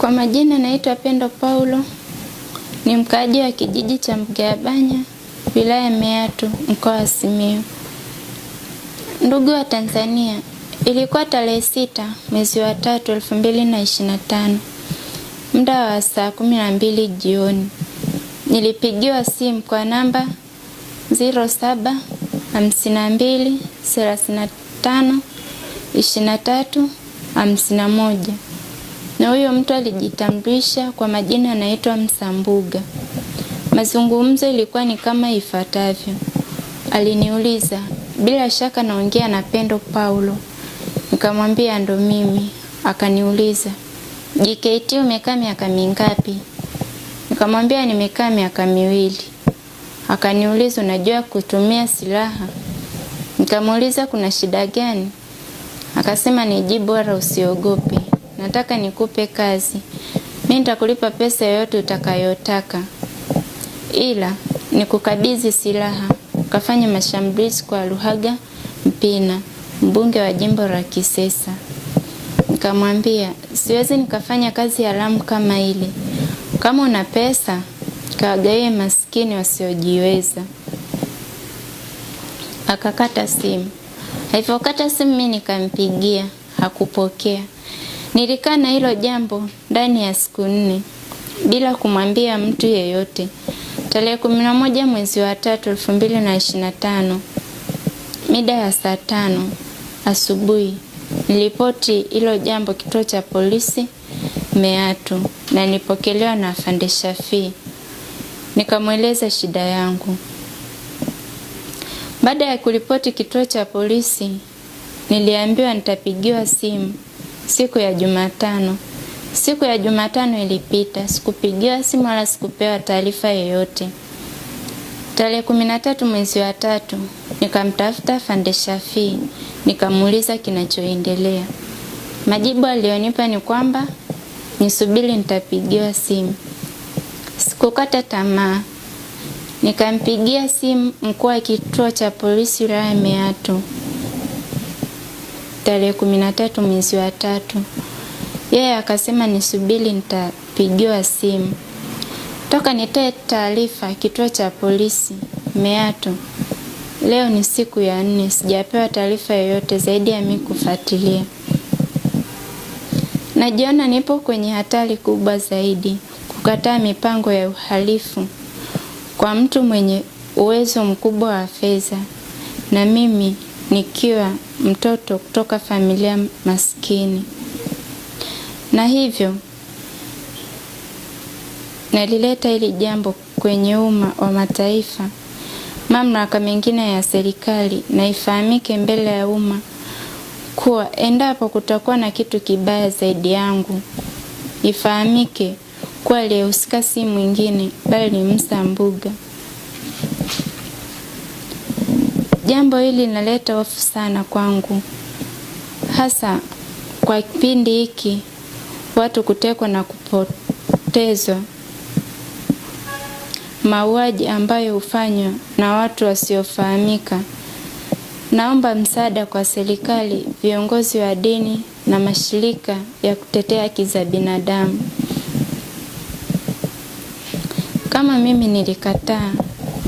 Kwa majina naitwa Pendo Paulo, ni mkaaji wa kijiji cha Mgabanya, wilaya Meatu, mkoa wa Simiyu. Ndugu wa Tanzania, ilikuwa tarehe sita mwezi wa tatu elfu mbili na ishirini na tano muda wa saa kumi na mbili jioni nilipigiwa simu kwa namba 07 52 35 23 51 na huyo mtu alijitambulisha kwa majina anaitwa Msambuga. Mazungumzo ilikuwa ni kama ifuatavyo. Aliniuliza, bila shaka naongea na Pendo Paulo. Nikamwambia ndo mimi. Akaniuliza, JKT umekaa miaka mingapi? Nikamwambia nimekaa miaka miwili. Akaniuliza, unajua kutumia silaha? Nikamuuliza kuna shida gani? Akasema ni jibu, usiogope nataka nikupe kazi, mi nitakulipa pesa yoyote utakayotaka, ila nikukabidhi silaha ukafanya mashambulizi kwa Luhaga Mpina, mbunge wa jimbo la Kisesa. Nikamwambia siwezi nikafanya kazi haramu kama ile, kama una pesa kawagaie maskini wasiojiweza. Akakata simu. Alivyokata simu, mi nikampigia, hakupokea. Nilikaa na hilo jambo ndani ya siku nne bila kumwambia mtu yeyote. Tarehe kumi na moja mwezi wa tatu elfu mbili na ishirini na tano mida ya saa tano asubuhi nilipoti hilo jambo kituo cha polisi Meatu na nilipokelewa na afande Shafii, nikamweleza shida yangu. Baada ya kuripoti kituo cha polisi, niliambiwa nitapigiwa simu siku ya Jumatano. Siku ya Jumatano ilipita, sikupigiwa simu wala sikupewa taarifa yoyote. Tarehe kumi na tatu mwezi wa tatu nikamtafuta Fande Shafii nikamuuliza kinachoendelea. Majibu alionipa ni kwamba nisubiri nitapigiwa simu. Sikukata tamaa, nikampigia simu mkuu wa kituo cha polisi wilaya Meatu tarehe kumi na tatu mwezi wa tatu. Yeye akasema nisubiri, nitapigiwa simu toka nitoe taarifa kituo cha polisi Meato. Leo ni siku ya nne, sijapewa taarifa yoyote zaidi ya mi kufuatilia. Najiona nipo kwenye hatari kubwa zaidi kukataa mipango ya uhalifu kwa mtu mwenye uwezo mkubwa wa fedha na mimi nikiwa mtoto kutoka familia maskini, na hivyo nalileta hili jambo kwenye umma wa mataifa, mamlaka mengine ya serikali, na ifahamike mbele ya umma kuwa endapo kutakuwa na kitu kibaya zaidi yangu, ifahamike kuwa aliyehusika si mwingine bali ni Msambuga. Jambo hili linaleta hofu sana kwangu, hasa kwa kipindi hiki watu kutekwa na kupotezwa, mauaji ambayo hufanywa na watu wasiofahamika. Naomba msaada kwa serikali, viongozi wa dini na mashirika ya kutetea haki za binadamu. Kama mimi nilikataa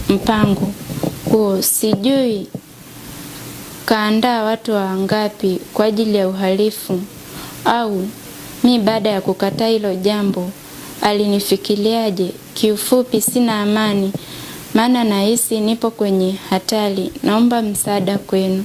mpango kuu sijui kaandaa watu wangapi kwa ajili ya uhalifu au mi baada ya kukataa hilo jambo alinifikiliaje Kiufupi sina amani, maana nahisi nipo kwenye hatari. Naomba msaada kwenu.